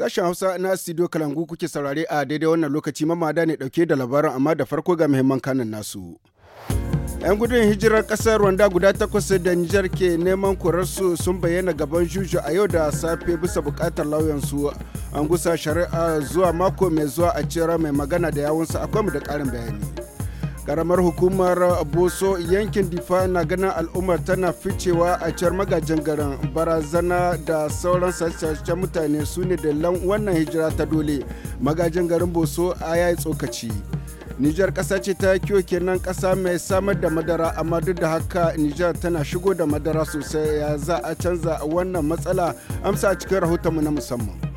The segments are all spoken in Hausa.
Sashen Hausa na Studio Kalangu kuke saurare a daidai wannan lokaci mamada ne dauke da labarin amma da farko ga muhimman kanan nasu. 'Yan gudun hijirar kasar Rwanda guda takwas da Nijar ke neman kurarsu sun bayyana gaban juju a yau da safe bisa bukatar lauyansu. An gusa shari'a zuwa mako mai zuwa a cera mai magana da yawunsa akwai mu da ƙarin bayani. karamar hukumar boso yankin difa na ganin al'ummar tana ficewa a ciyar magajin garin barazana da sauran sassan mutane su ne da wannan hijira ta dole magajin garin boso a yayi tsokaci Nijar ƙasa ce ta kiwo kenan ƙasa mai samar da madara amma duk da haka Nijar tana shigo da madara sosai ya za a canza wannan matsala amsa a cikin mu na musamman.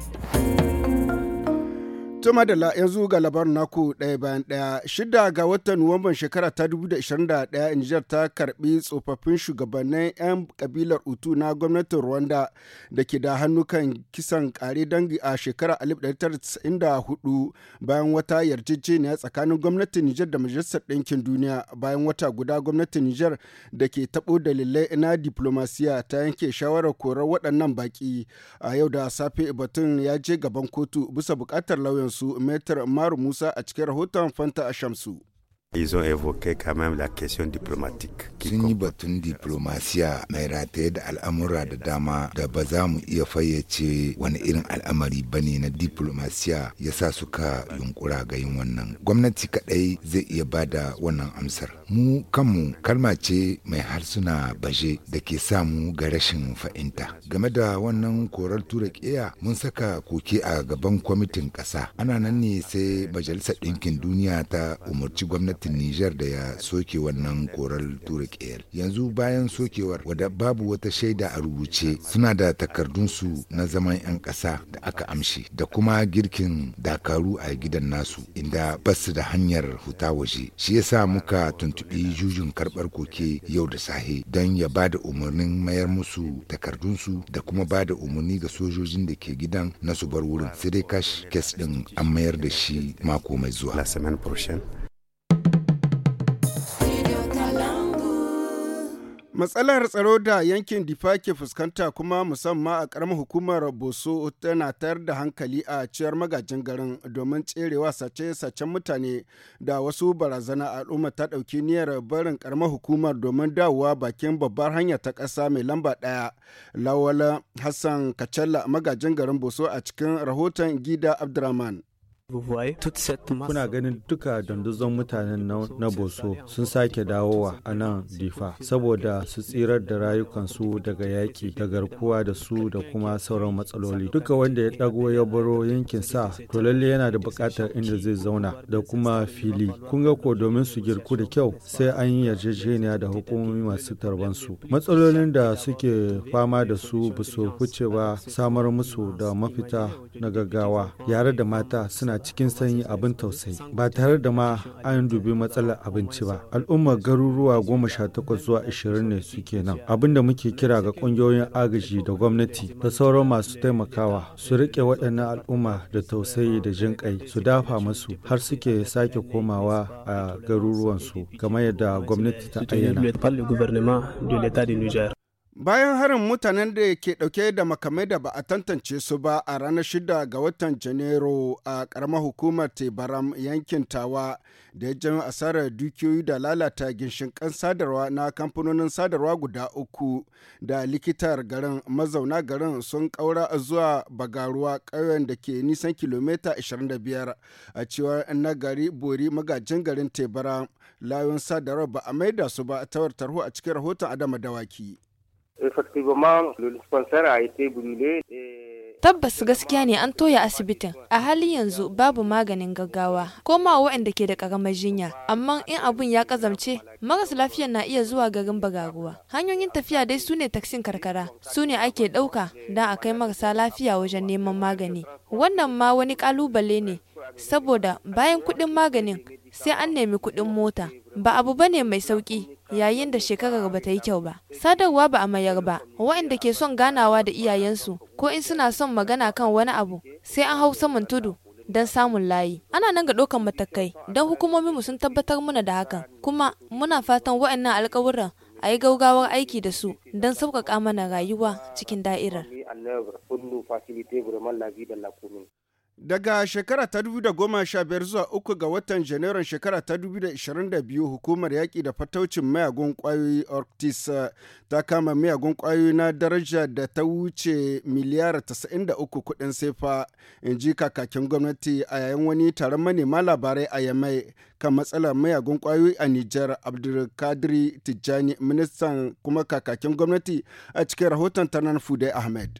Tuma da yanzu ga labarin naku ɗaya bayan ɗaya shida ga watan Nuwamban shekara ta 2021 Nijar ta karbi tsofaffin shugabannin 'yan kabilar Utu na gwamnatin Rwanda da ke da hannukan kisan kare dangi a shekara 1994 bayan wata yarjejeniya tsakanin gwamnatin Nijar da Majalisar Ɗinkin Duniya bayan wata guda gwamnatin Nijar da ke taɓo dalilai na diplomasiya ta yanke shawarar korar waɗannan baƙi a yau da safe batun ya je gaban kotu bisa buƙatar lauyan su Metar Maru Musa a cikin rahoton Fanta a Shamsu. Ils ont évoqué quand même la question diplomatique. Sun yi batun diplomasiya mai rataye da al'amura da dama da ba za mu iya fayyace wani irin al'amari ba ne na diplomasiya ya sa suka yunkura ga yin wannan. Gwamnati kaɗai zai iya ba da wannan amsar. Mu kanmu kalma ce mai harsuna baje da ke sa mu ga rashin fahimta. Game da wannan korar tura ƙeya mun saka koke a gaban kwamitin ƙasa. Ana nan ne sai Majalisar Ɗinkin Duniya ta umarci gwamnati gwamnatin Nijar da ya soke wannan korar tura Yanzu bayan sokewar wadda babu wata shaida a rubuce suna da takardun su na zaman 'yan ƙasa da aka amshi da kuma girkin dakaru a gidan nasu inda basu da hanyar huta waje. Shi yasa muka tuntubi jujin karɓar koke yau da sahe don ya ba da umarnin mayar musu takardunsu da kuma ba da umarni ga sojojin da ke gidan na su bar wurin. Sai dai kash kes ɗin an mayar da shi mako mai zuwa. matsalar tsaro da yankin difa ke fuskanta kuma musamman a karamar hukumar boso tana tayar da hankali a ciyar magajin garin domin tserewa sace-sacen mutane da wasu barazana al'umma ta ɗauki niyyar barin karamar hukumar domin dawowa bakin babbar hanya ta ƙasa mai lamba ɗaya lawala hassan kacalla magajin garin boso a cikin rahoton gida abdurrahman Kuna ganin duka dandazon mutanen na Boso sun sake dawowa a nan Difa saboda su tsirar da rayukansu daga yaki da garkuwa da su da kuma sauran matsaloli. Duka wanda ya ɗago ya baro yankin sa to lalle yana da bukatar inda zai zauna da kuma fili. Kun ga ko domin su girku da kyau sai an yi yarjejeniya da hukumomi masu tarbansu. Matsalolin da suke fama da su ba su huce ba samar musu da mafita na gaggawa. Yare da mata suna cikin sanyi abin tausayi ba tare da ma an dubi matsalar abinci ba. Al'ummar garuruwa goma sha takwas zuwa ashirin ne suke nan. Abin da muke kira ga ƙungiyoyin agaji da gwamnati da sauran masu taimakawa su riƙe waɗannan al'umma da tausayi da jin ƙai su dafa masu har suke sake komawa a garuruwansu game yadda gwamnati ta ayyana. Bayan harin mutanen da ke dauke da makamai da ba a tantance su ba a ranar shida ga watan Janairu a karamar hukumar Tebaram yankin Tawa da ya asarar dukiyoyi da lalata ginshinkan sadarwa na kamfanonin sadarwa guda uku da likitar garin mazauna garin sun kaura zuwa bagaruwa ƙauyen da ke nisan kilomita 25 a cewar nagari bori magajin garin Tebaram layon sadarwa ba a maida su ba a tawar tarho a cikin rahoton Adama Dawaki. Tabbas gaskiya ne an toya asibitin. A halin yanzu babu maganin gaggawa, koma waɗanda ke da ƙaramar jinya, amma in abun ya ƙazamce, maras lafiya na iya zuwa garin bagaruwa. Hanyoyin tafiya dai su ne taksin karkara, su ne ake ɗauka don a kai marasa lafiya wajen neman magani. Wannan ma wani ƙalubale ne, saboda bayan kuɗin maganin sai an nemi kuɗin mota. Ba abu bane mai sauƙi, yayin da shekarar ba ta yi kyau ba. Sadarwa ba a mayar ba, waɗanda ke son ganawa da iyayensu ko in suna son magana kan wani abu sai an hau saman tudu don samun layi. Ana nan ga ɗaukan matakai don hukumominmu sun tabbatar mana da hakan, kuma muna fatan waɗannan alkawuran a yi gaugawar aiki da su don sauƙaƙa mana rayuwa cikin da'irar. Daga shekara ta 2015 zuwa uku ga watan Janairun shekara ta 2022 hukumar yaƙi da fataucin mayagun ƙwayoyi arctis eh, ta kama mayagun ƙwayoyi na daraja da ta wuce miliyar 93 kuɗin sefa in ji kakakin gwamnati a yayin wani taron manema labarai a Yamai kan matsalar mayagun kwayoyi a Nijar Abdulkadiri Tijjani ministan kuma kakakin gwamnati a cikin rahoton Tanan Fude Ahmed.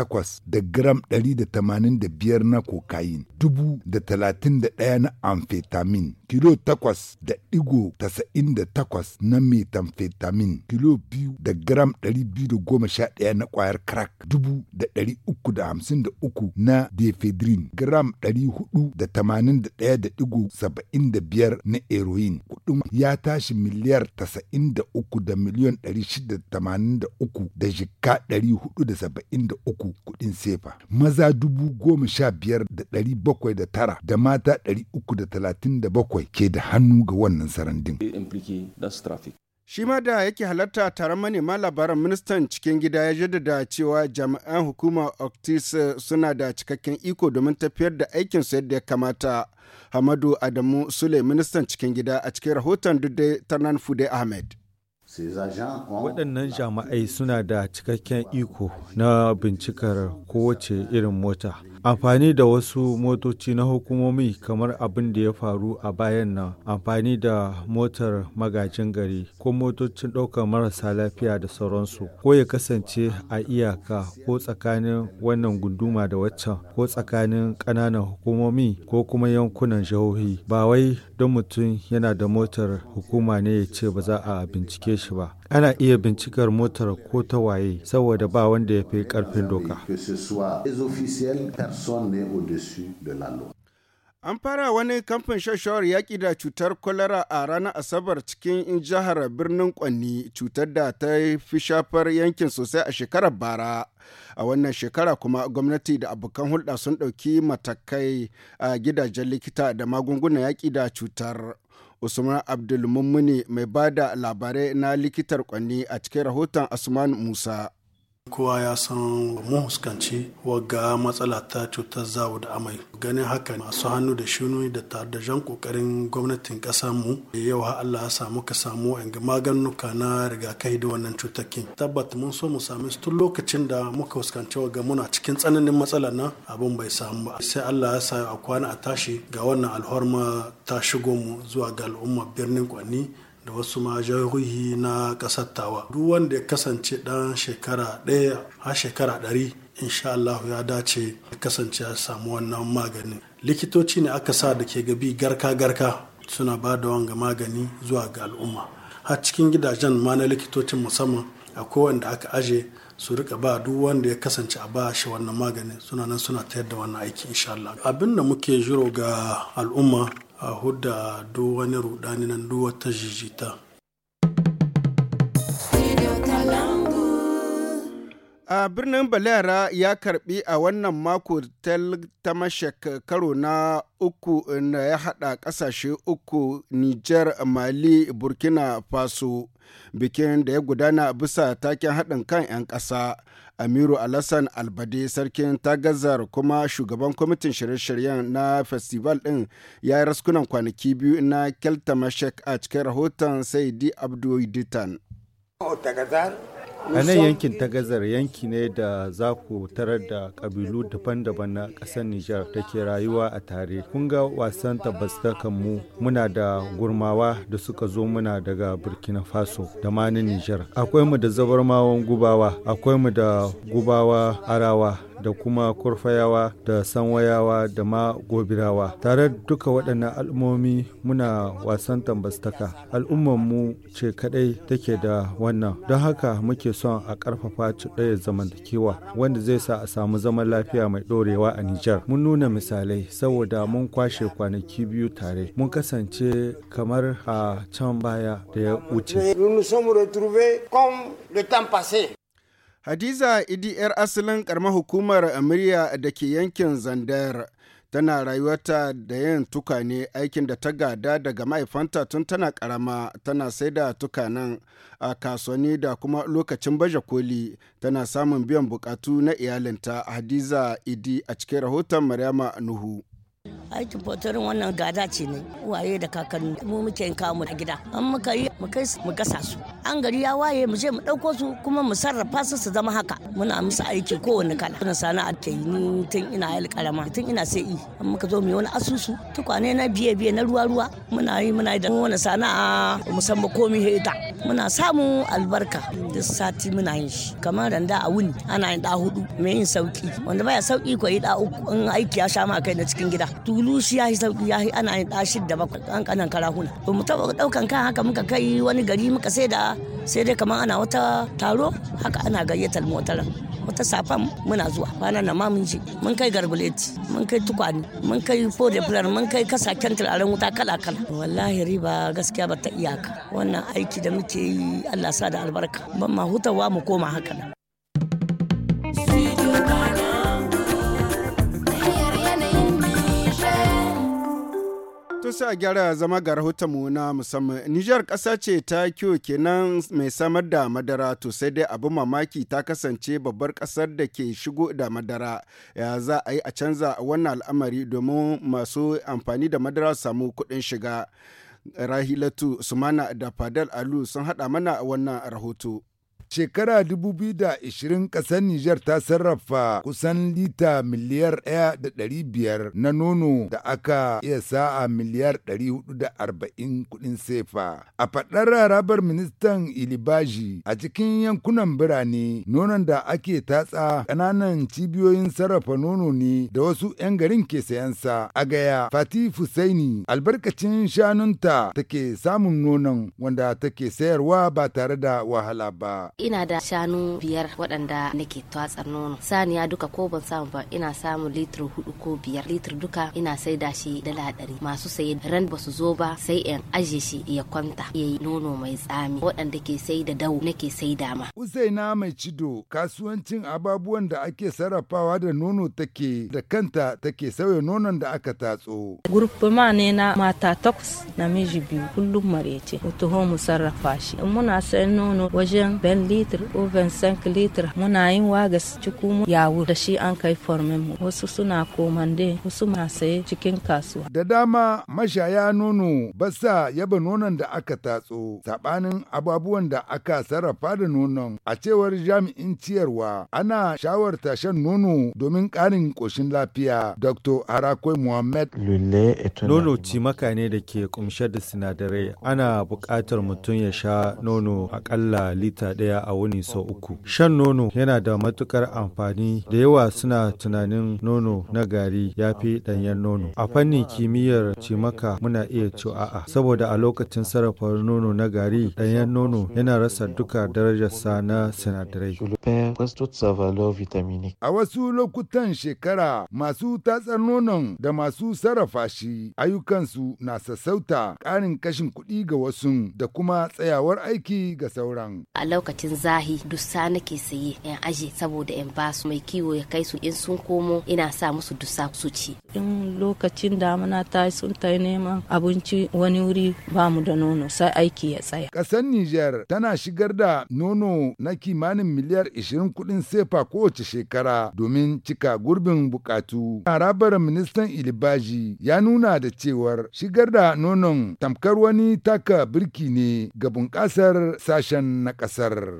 takwas da gram ɗari da tamanin da biyar na kokain, dubu da talatin da ɗaya na amfetamin, kilo takwas da ɗigo tasa'in da takwas na metamfetamin, kilo biyu da gram ɗari biyu da goma sha ɗaya na ƙwayar crack, dubu da ɗari uku da hamsin da uku na dephedrine gram ɗari hudu da tamanin da ɗaya da ɗigo saba'in da biyar na heroin. Kuɗin ya tashi miliyar tasa'in da uku da miliyon ɗari shida da tamanin da uku da jikka ɗari hudu da saba'in da uku kuɗin sefa. Maza dubu goma sha biyar da ɗari bakwai da tara da mata ɗari uku da talatin da bakwai ke da hannu ga wannan sarandin. Shi ma da yake halarta taron manema labaran ministan cikin gida ya jaddada cewa jami'an hukumar Octis eh, suna da cikakken iko domin tafiyar da aikinsu yadda ya kamata. Hamadu Adamu Sule ministan cikin gida a cikin rahoton dudde Tarnan Fude Ahmed. Waɗannan jama'ai suna da cikakken iko na bincikar kowace irin mota amfani da wasu motoci na hukumomi kamar abin da ya faru a bayan nan amfani da motar magajin gari ko motocin ɗaukar marasa lafiya da sauransu ko ya kasance a iyaka ko tsakanin wannan gunduma da waccan ko tsakanin ƙananan hukumomi ko kuma yankunan jihohi ba wai don mutum yana da motar hukuma ne ya ce ba za a bincike shi ba ana iya bincikar motar ko ta waye saboda ba wanda ya fi ƙarfin doka au-dessus de la loi. An fara wani kamfan shashawar yaƙi da cutar kwalara a ranar Asabar cikin jihar birnin Kwanni cutar da ta fi shafar yankin sosai a shekarar bara. A wannan shekara kuma gwamnati da abokan hulɗa sun ɗauki matakai a gidajen likita da magungunan yaƙi da cutar. Usman Abdulmummuni mai bada labarai na likitar Kwanni a cikin rahoton Asman Musa. kowa ya san mu huskanci wagga matsala ta cutar zawo da amai ganin haka masu hannu da shinu da tare da jan kokarin gwamnatin ƙasar mu yau har Allah ya samu ka samu ga maganuka na rigakai da wannan cutakin tabbata mun so mu sami tun lokacin da muka huskanci wagga muna cikin tsananin matsala na abin bai samu ba sai Allah ya sa a kwana a tashi ga wannan alhorma ta shigo mu zuwa ga al'umma birnin Kwanni da wasu ma jaruhi na ƙasar tawa duk wanda ya kasance dan shekara ɗaya har shekara ɗari insha Allah ya dace ya kasance ya samu wannan magani. likitoci ne aka sa da ke gabi garka garka suna ba da wanga magani zuwa ga al'umma har cikin gidajen ma na likitocin musamman akwai wanda aka aje su rika ba duk wanda ya kasance a ba shi wannan magani suna nan suna tayar da wannan aiki insha Allah abin da muke jiro ga al'umma a hudda duk wani rudani nan duk wata jijita a birnin balara ya karbi a wannan mako ta mashek karo na uku na ya hada kasashe uku niger mali burkina faso bikin da ya gudana bisa taken haɗin kan 'yan ƙasa Amiru Alassan Albade sarkin tagazar kuma shugaban kwamitin shirye-shiryen na festival ɗin ya yi raskunan kwanaki biyu na mashek a cikin rahoton Saidi Abdu Ditan. A nan yankin ta gazar yanki ne da za ku tarar da ƙabilu daban-daban na ƙasar Nijar da ke rayuwa a tare. Kun ga wasan tabbastakan mu muna da gurmawa da suka zo muna daga Burkina Faso da ma Nijar. Akwai mu da zabarmawan gubawa, akwai mu da gubawa arawa da kuma kurfayawa da sanwayawa da ma gobirawa tare duka waɗannan al'ummomi muna wasan tambastaka mu ce kadai take da wannan don haka muke son a ƙarfafa ɗaya zamantakewa wanda zai sa a samu zaman lafiya mai ɗorewa a Nijar. Mun nuna misalai saboda mun kwashe kwanaki biyu tare mun kasance kamar a can baya da ya wuce. Hadiza Idi 'yar asalin karamar hukumar amirya da ke yankin Zandar. Tana rayuwarta da yin tukane aikin da ta gada daga mahaifanta tun tana karama tana sai da tukanan a kasuwanni da kuma lokacin baje koli tana samun biyan bukatu na iyalinta Hadiza Idi a cikin rahoton Maryama Nuhu. aikin fotorin wannan gada ce ne waye da kakanni mu muke yin kawo a gida an muka yi mu kai mu gasa su an gari ya waye mu je mu ɗauko su kuma mu sarrafa su su zama haka muna musu aiki kowane kala wannan sana'a ke ni tun ina yi karama tun ina sai i e. an muka zo mu yi wani asusu tukwane na biye biye na ruwa ruwa muna yi muna yi da wani sana'a musamman komi ita muna samun albarka duk sati muna yin shi kamar randa a wuni ana yin da hudu mai yin sauki wanda baya sauki ko yi da uku in aiki ya sha ma kai na cikin gida tulu shi ya yi sauki ya ana yin da shidda bakwai an kanan karahuna to mu taba daukan kan haka muka kai wani gari muka sai da sai dai kamar ana wata taro haka ana gayyatar motaran wata safa muna zuwa bana na ma mun je mun kai garbuleti mun kai tukwani mun kai fode fular mun kai kasa kentir a wuta kala kala wallahi riba gaskiya ba ta iyaka wannan aiki da muke yi Allah sa da albarka ban ma hutawa mu koma haka yanzu a gyara zama ga rahoton mu na musamman. Nijar ƙasa ce ta kyau kenan mai samar da madara to sai dai abin mamaki ta kasance babbar ƙasar da ke shigo da madara. Ya za a yi a canza wannan al'amari domin masu amfani da madara samu kuɗin shiga. Rahilatu Sumana da Fadal Alu sun haɗa mana wannan rahoto. Shekara 2020 ƙasar Nijar ta sarrafa kusan lita miliyar 1.500 na nono da aka iya sa'a miliyar 440 kuɗin sefa. A faɗar harabar ministan Ilibaji a cikin yankunan birane nonon da ake tatsa ƙananan cibiyoyin sarrafa nono ne da wasu 'yan garin ke sayansa a gaya Fati Fusaini albarkacin shanunta take samun nonon wanda take sayarwa ba tare da wahala ba. ina da shanu biyar waɗanda nake tatsar nono saniya duka ko ban samu ba ina samu litir hudu ko biyar litir duka ina sai da shi dala ɗari masu saye ran ba su zo ba sai in aje shi ya kwanta ya yi nono mai tsami waɗanda ke sai da dau nake sai da ma. Uzaina mai cido kasuwancin ababuwan da ake sarrafawa da nono take da kanta take sauya nonon da aka tatso. ma ne na mata takwas namiji biyu kullum marece mu taho mu sarrafa shi muna sayan nono wajen ben litre ko 25 litre muna yin ga cikin yawo da shi an kai formin mu wasu suna komande wasu na saye cikin kasuwa da dama mashaya nono ba sa yaba nonon da aka tatso sabanin abubuwan da aka sarrafa da nonon a cewar jami'in ciyarwa ana shawarta shan nono domin karin koshin lafiya dr harakoi muhammad nono cimaka ne da ke kumshe da sinadarai ana buƙatar mutum ya sha nono akalla lita ɗaya a wuni sau uku. Shan nono yana da matukar amfani da yawa suna tunanin nono na gari ya fi ɗanyen nono. A fannin kimiyyar cimaka muna iya ci a'a saboda a lokacin sarrafa nono na gari ɗanyen nono yana rasa duka darajarsa na sinadarai. A wasu lokutan shekara masu tatsar nonon da masu sarrafa shi ayyukansu na sassauta ƙarin kashin kuɗi ga wasu da kuma tsayawar aiki ga sauran. A lokacin zahi dusa nake saye in aje saboda in ba su mai kiwo ya kai su in sun komo ina sa musu dusa su ci in lokacin damuna ta sun ta neman abinci wani wuri ba mu da nono sai aiki ya tsaya ƙasar Nijar tana shigar da nono na kimanin miliyar 20 kudin sefa kowace shekara domin cika gurbin bukatu harabar ministan ilibaji ya nuna da cewar shigar da nonon tamkar wani taka birki ne ga bunƙasar sashen na ƙasar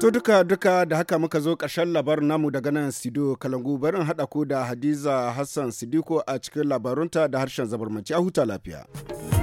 To duka duka da haka muka zo ƙarshen labar namu daga nan Sido Kalangu barin haɗa ku da Hadiza Hassan Sidiko a cikin labarunta da harshen zabarmanci a huta lafiya.